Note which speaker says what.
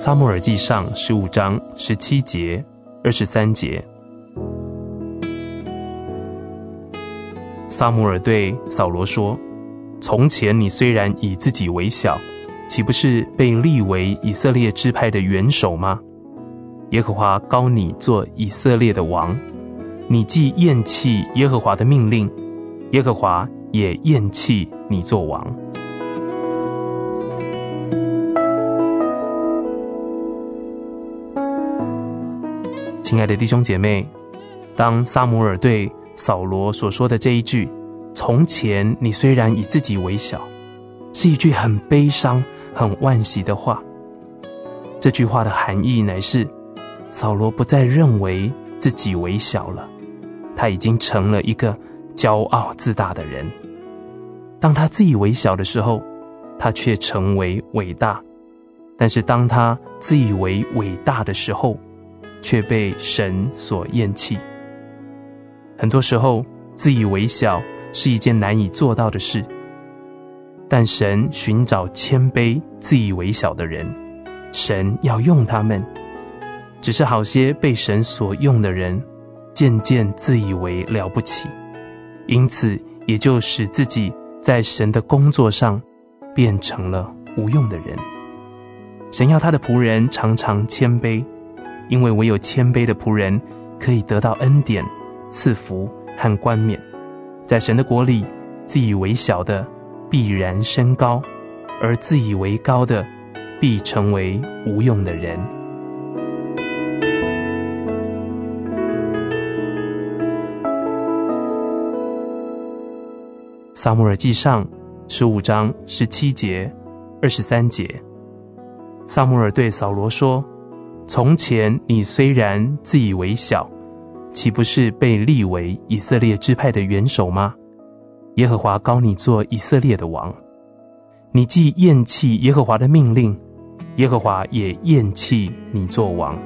Speaker 1: 撒母耳記上十五章十七節二十三節，撒母耳對掃羅說：“從前你雖然以自己為小，豈不是被立為以色列支派的元首嗎？耶和華膏你做以色列的王，你既厭棄耶和華的命令，耶和華也厭棄你做王。”親愛的弟兄姐妹，當撒母耳對掃羅所說的這一句“從前你雖然以自己為小”，是一句很悲傷、很惋惜的話。這句話的含義乃是，掃羅不再認為自己為小了，他已經成了一個驕傲自大的人。當他自以為小的時候，他卻成為偉大；但是當他自以為偉大的時候，卻被神所厭棄。很多時候，自以為小是一件難以做到的事。但神尋找謙卑、自以為小的人，神要用他們。只是好些被神所用的人，漸漸自以為了不起，因此也就使自己在神的工作上變成了無用的人。神要他的僕人常常謙卑。因為唯有謙卑的僕人可以得到恩典、賜福和冠冕。在神的國裡，自以為小的必然升高，而自以為高的必成為無用的人。撒母耳記上十五章十七節二十三節，撒母耳對掃羅說。從前，你雖然自以為小，豈不是被立為以色列支派的元首嗎？耶和華膏你做以色列的王。你既厭棄耶和華的命令，耶和華也厭棄你做王。